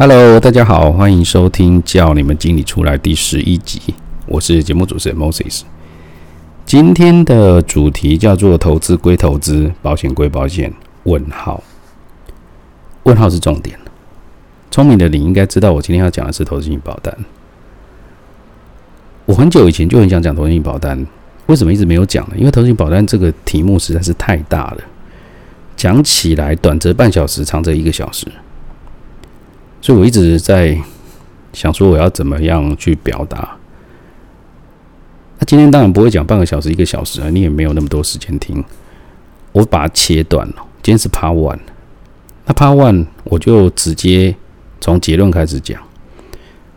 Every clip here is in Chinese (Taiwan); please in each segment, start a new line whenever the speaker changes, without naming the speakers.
Hello，大家好，歡迎收聽《叫你們經理出來》第十一集，我是節目主持人 Moses。今天的主題叫做“投資歸投資，保險歸保險”。問號？問號是重點。聰明的你應該知道，我今天要講的是投資型保單。我很久以前就很想講投資型保單，為什麼一直沒有講呢？因為投資型保單這個題目實在是太大了，講起來短則半小時，長則一個小時。所以我一直在想說我要怎麼樣去表達。那今天當然不會講半個小時、一個小時，啊、你也沒有那麼多時間聽。我把它切短了。今天是 Part One，那 Part One 我就直接從結論開始講。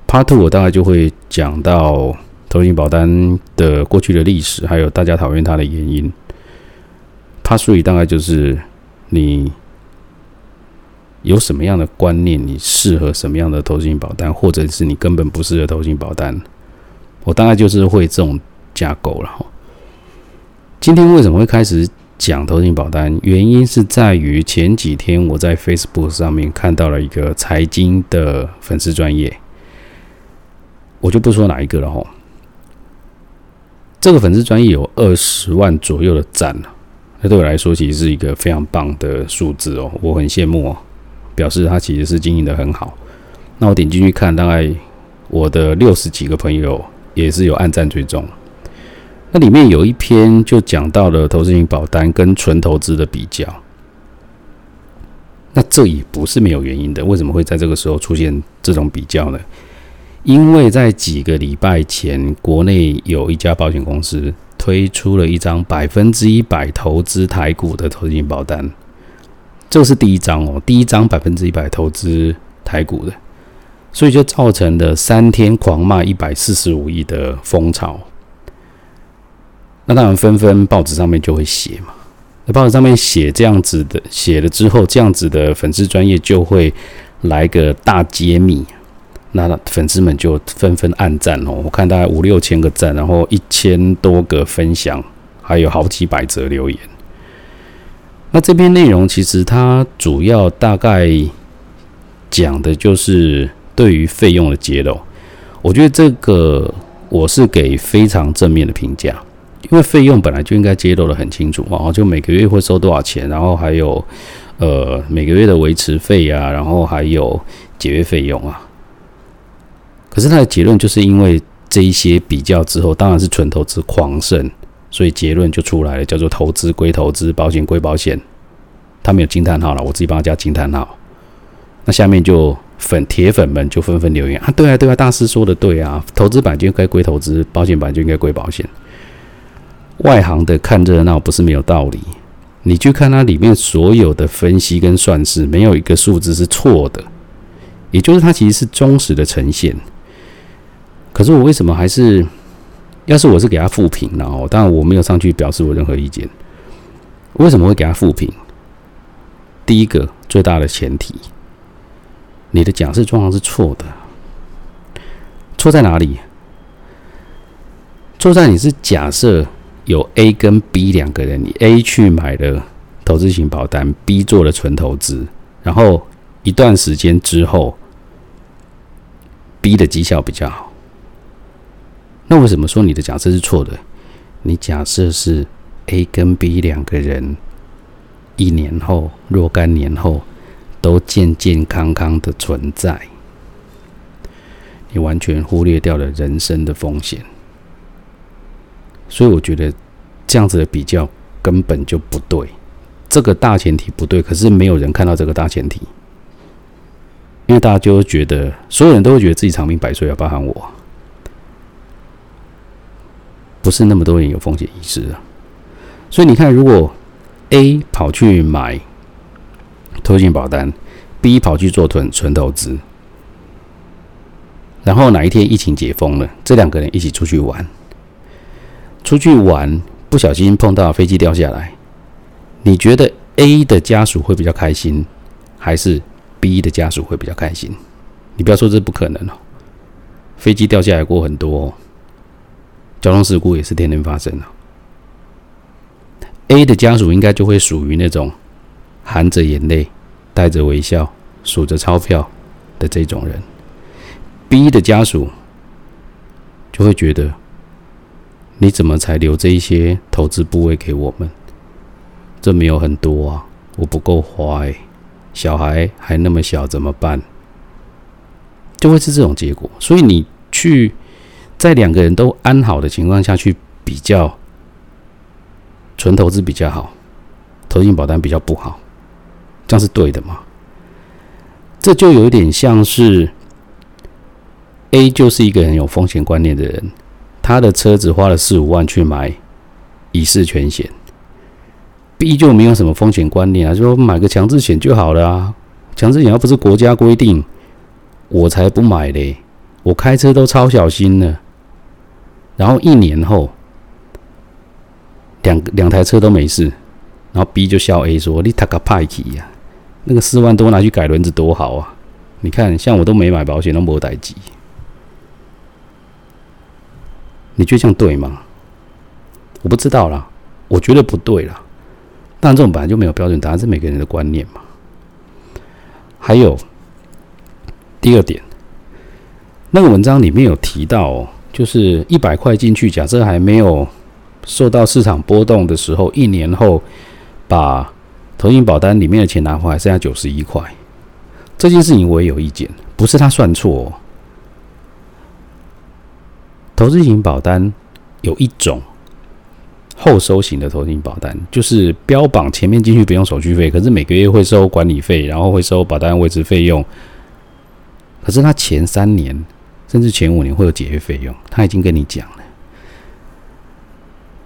Part Two 我大概就會講到投資保單的過去的歷史，還有大家討厭它的原因。Part Three 大概就是你，有什麼樣的觀念，你適合什麼樣的投資型保單，或者是你根本不適合投資型保單？我大概就是會這種架構了。今天為什麼會開始講投資型保單？原因是在於前幾天我在 Facebook 上面看到了一個財經的粉絲專頁，我就不說哪一個了哈。這個粉絲專頁有二十萬左右的讚了，那對我來說其實是一個非常棒的數字哦，我很羨慕哦。表示他其實是經營得很好。那我點進去看，大概我的六十幾個朋友也是有按讚追蹤。那裡面有一篇就講到了投資型保單跟純投資的比較。那這也不是沒有原因的，為什麼會在這個時候出現這種比較呢？因為在幾個禮拜前，國內有一家保險公司推出了一張百分之一百投資台股的投資型保單。這是第一張哦，第一張百分之一百投資台股的，所以就造成了三天狂賣一百四十五億的風潮。那當然，紛紛報紙上面就會寫嘛。那報紙上面寫這樣子的，寫了之後，這樣子的粉絲專頁就會來個大揭秘。那粉絲們就紛紛按讚哦，我看大概五六千個讚，然後一千多個分享，還有好幾百則留言。那這篇內容其實它主要大概講的就是對於費用的揭露，我覺得這個我是給非常正面的評價，因為費用本來就應該揭露得很清楚嘛，然後就每個月會收多少錢，然後還有呃每個月的維持費啊，然後還有解約費用啊，可是他的結論就是因為這一些比較之後，當然是純投資狂勝。所以結論就出來了，叫做投資歸投資，保險歸保險。他沒有驚嘆號了，我自己幫他加驚嘆號。那下面就粉鐵粉們就紛紛留言啊，對啊對啊，大師說的對啊，投資版就應該歸投資，保險版就應該歸保險。外行的看熱鬧不是沒有道理，你去看它裡面所有的分析跟算式，沒有一個數字是錯的，也就是它其實是忠實的呈現。可是我為什麼還是？要是我是給他複評，然後當然我沒有上去表示我任何意見。為什麼會給他複評？第一個最大的前提，你的假設狀況是錯的。錯在哪裡？錯在你是假設有 A 跟 B 兩個人，你 A 去買了投資型保單，B 做了純投資，然後一段時間之後，B 的績效比較好。那為什麼說你的假設是錯的？你假設是 A 跟 B 兩個人，一年後、若干年後都健健康康的存在，你完全忽略掉了人生的風險。所以我覺得這樣子的比較根本就不對，這個大前提不對。可是沒有人看到這個大前提，因為大家就會覺得，所有人都會覺得自己長命百歲，要包含我。不是那麼多人有風險意識啊，所以你看，如果 A 跑去買投險保單，B 跑去做存存投資，然後哪一天疫情解封了，這兩個人一起出去玩，出去玩不小心碰到飛機掉下來，你覺得 A 的家屬會比較開心，還是 B 的家屬會比較開心？你不要說這是不可能哦，飛機掉下來過很多。交通事故也是天天發生啊。A 的家屬應該就會屬於那種含着眼淚、帶着微笑、數着鈔票的這種人。B 的家屬就會覺得，你怎麼才留這一些投資部位給我們？這沒有很多啊，我不夠花哎，小孩還那麼小怎麼辦？就會是這種結果，所以你去。在兩個人都安好的情況下去比較，純投資比較好，投資型保單比較不好，這樣是對的嘛？這就有點像是 A 就是一個很有風險觀念的人，他的車子花了四五萬去買乙式全險，B 就沒有什麼風險觀念啊，就說買個強制險就好了啊，強制險要不是國家規定，我才不買嘞，我開車都超小心的。然後一年後，兩兩台車都沒事，然後 B 就笑 A 說：“你太可派氣呀，那個四萬多拿去改輪子多好啊！你看，像我都沒買保險，都沒有代誌，你覺得這樣對嗎？我不知道啦，我覺得不對啦。但這種本來就沒有標準答案，是每個人的觀念嘛。還有第二點，那個文章裡面有提到哦。”就是一百塊進去，假設還沒有受到市場波動的時候，一年後把投資型保單裡面的錢拿回來，剩下九十一塊。這件事情我也有意見，不是他算錯哦。投資型保單有一種後收型的投資型保單，就是標榜前面進去不用手續費，可是每個月會收管理費，然後會收保單維持費用。可是他前三年。甚至前五年會有解約費用，他已經跟你講了。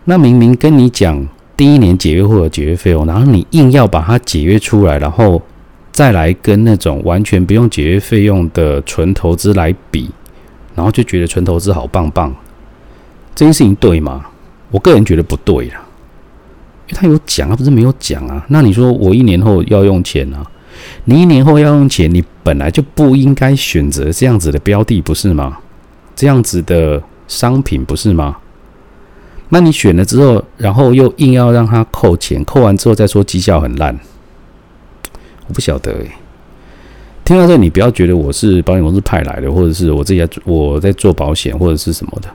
那明明跟你講第一年解約會有解約費用，然後你硬要把它解約出來，然後再來跟那種完全不用解約費用的純投資來比，然後就覺得純投資好棒棒。這件事情對嗎？我個人覺得不對啦，因為他有講，他不是沒有講啊。那你說我一年後要用錢啊，你一年後要用錢，你。本來就不應該選擇這樣子的標的，不是嗎？這樣子的商品，不是嗎？那你選了之後，然後又硬要讓他扣錢，扣完之後再說績效很爛，我不曉得、欸、聽到這，你不要覺得我是保險公司派來的，或者是我自己在我在做保險，或者是什麼的。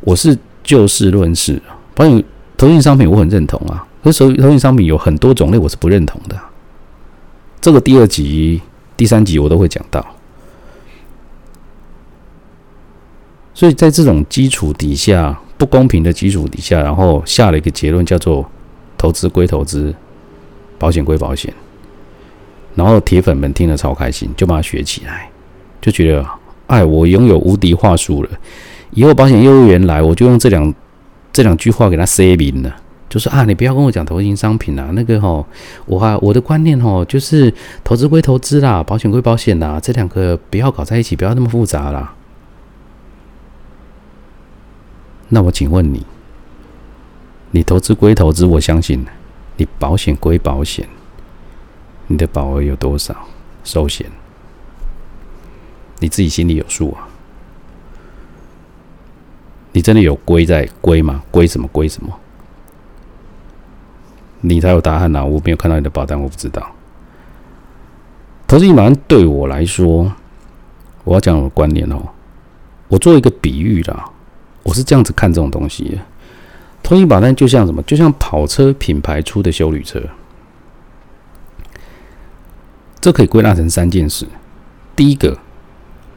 我是就事論事，保險投信商品我很認同啊，可是投信商品有很多種類，我是不認同的。這個第二集。第三集我都會講到，所以在這種基礎底下，不公平的基礎底下，然後下了一個結論，叫做投資歸投資，保險歸保險。然後鐵粉們聽了超開心，就把它學起來，就覺得哎，我擁有無敵話術了，以後保險業務員來，我就用這兩這兩句話給他塞明了。就是啊，你不要跟我講投資型商品啦、啊，那個吼，我、啊、我的觀念吼，就是投資歸投資啦，保險歸保險啦，這兩個不要搞在一起，不要那麼複雜啦。那我請問你，你投資歸投資，我相信你保險歸保險，你的保額有多少？壽險，你自己心裡有數啊，你真的有歸在歸嗎？歸什,什麼？歸什麼？你才有答案吶、啊！我沒有看到你的保單，我不知道。投資型保單對我來說，我要講我的觀念哦。我做一個比喻啦，我是這樣子看這種東西的，投資型保單就像什麼？就像跑車品牌出的休旅車。這可以歸納成三件事。第一個，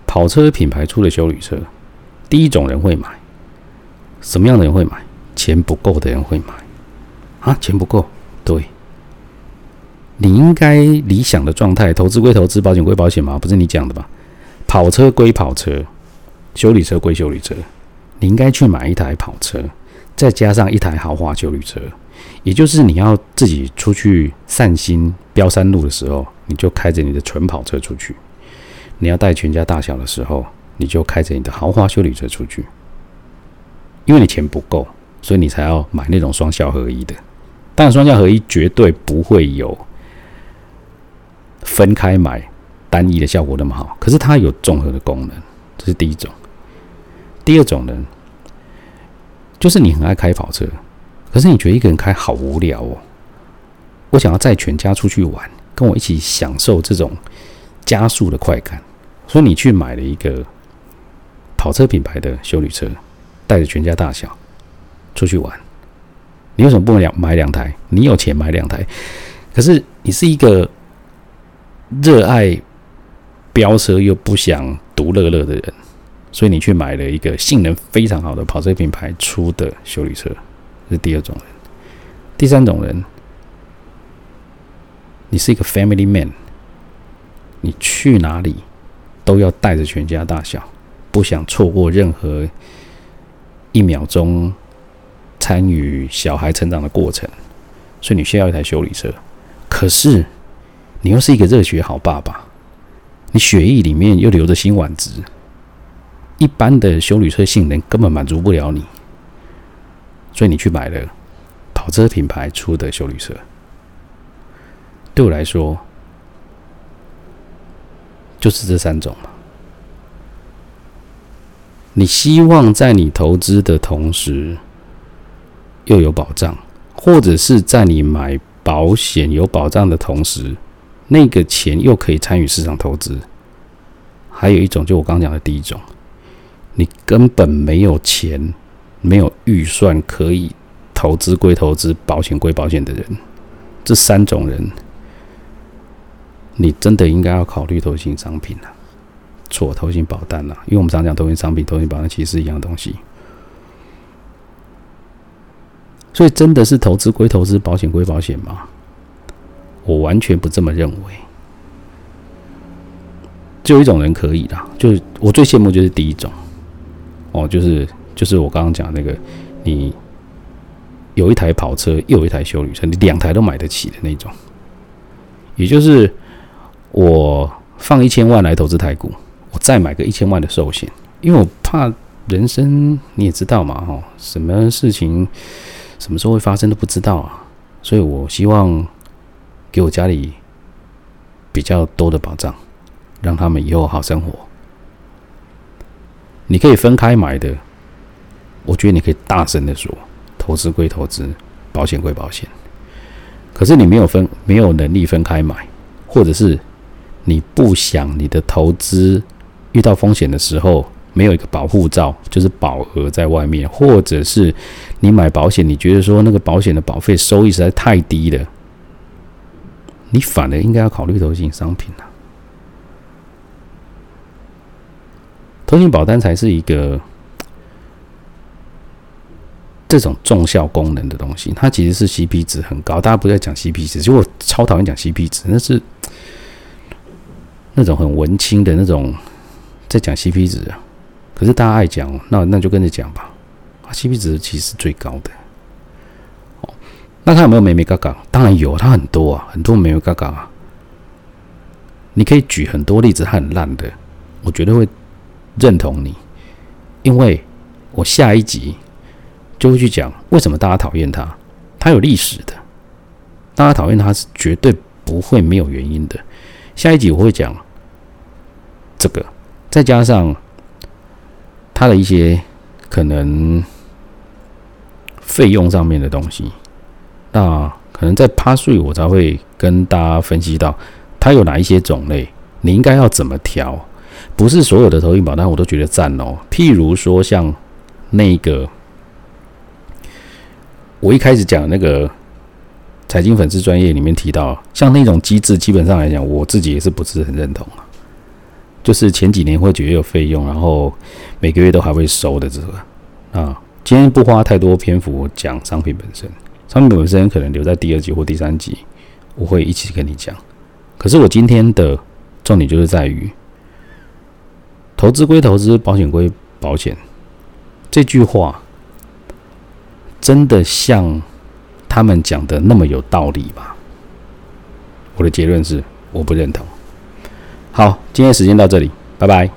跑車品牌出的休旅車，第一種人會買，什麼樣的人會買？錢不夠的人會買，啊，錢不夠。你應該理想的狀態，投資歸投資，保險歸保險嘛，不是你講的吧？跑車歸跑車，休旅車歸休旅車。你應該去買一台跑車，再加上一台豪華休旅車，也就是你要自己出去散心飆山路的時候，你就開着你的純跑車出去；你要帶全家大小的時候，你就開着你的豪華休旅車出去。因為你錢不夠，所以你才要買那種雙效合一的。但雙效合一絕對不會有。分開買單一的效果那麼好，可是它有綜合的功能，這是第一種。第二種呢，就是你很愛開跑車，可是你覺得一個人開好無聊哦。我想要載全家出去玩，跟我一起享受這種加速的快感，所以你去買了一個跑車品牌的休旅車，帶着全家大小出去玩。你為什麼不能兩買兩台？你有錢買兩台，可是你是一個。熱愛飆車又不想獨樂樂的人，所以你去買了一個性能非常好的跑車品牌出的休旅車，這是第二種人。第三種人，你是一個 family man，你去哪裡都要帶着全家大小，不想錯過任何一秒鐘參與小孩成長的過程，所以你需要一台休旅車。可是。你又是一個熱血好爸爸，你血液裡面又流着辛烷值，一般的休旅車性能根本滿足不了你，所以你去買了跑車品牌出的休旅車。對我來說，就是這三種嘛。你希望在你投資的同時又有保障，或者是在你買保險有保障的同時。那個錢又可以參與市場投資，還有一種就我剛剛講的第一種，你根本沒有錢，沒有預算可以投資歸投資，保險歸保險的人，這三種人，你真的應該要考慮投型商品了，錯，投型保單了，因為我們常講投型商品、投型保單其實是一樣東西，所以真的是投資歸投資，保險歸保險嗎？我完全不這麼認為，只有一種人可以的，就是我最羨慕就是第一種，哦，就是就是我剛剛講那個，你有一台跑車，又有一台休旅車，你兩台都買得起的那種，也就是我放一千萬來投資台股，我再買個一千萬的壽險，因為我怕人生你也知道嘛，哦，什麼事情什麼時候會發生都不知道啊，所以我希望。給我家裡比較多的保障，讓他們以後好生活。你可以分開買的，我覺得你可以大聲的說：投資歸投資，保險歸保險。可是你沒有分，沒有能力分開買，或者是你不想你的投資遇到風險的時候沒有一個保護罩，就是保額在外面，或者是你買保險，你覺得說那個保險的保費收益實在太低了。你反而應該要考慮投資型商品啊。投資型保單才是一個這種綜效功能的東西，它其實是 CP 值很高。大家不要講 CP 值，其實我超討厭講 CP 值，那是那種很文青的那種在講 CP 值啊。可是大家愛講，那那就跟着講吧，CP 值其實是最高的。那他有沒有眉眉角角？當然有，他很多啊，很多眉眉角角啊。你可以舉很多例子，他很爛的，我絕對會認同你，因為我下一集就會去講為什麼大家討厭他，他有歷史的，大家討厭他是絕對不會沒有原因的。下一集我會講這個，再加上他的一些可能費用上面的東西。那可能在 Part 3，我才會跟大家分析到它有哪一些種類，你應該要怎麼調？不是所有的投資型保單我都覺得贊哦。譬如說，像那個我一開始講那個財經粉絲專業裡面提到，像那種機制，基本上來講，我自己也是不是很認同啊。就是前幾年會覺得有費用，然後每個月都還會收的這個啊。今天不花太多篇幅講商品本身。商品本身可能留在第二集或第三集，我會一起跟你講。可是我今天的重點就是在於，投資歸投資，保險歸保險，這句話真的像他們講的那麼有道理嗎？我的結論是，我不認同。好，今天時間到這裡，拜拜。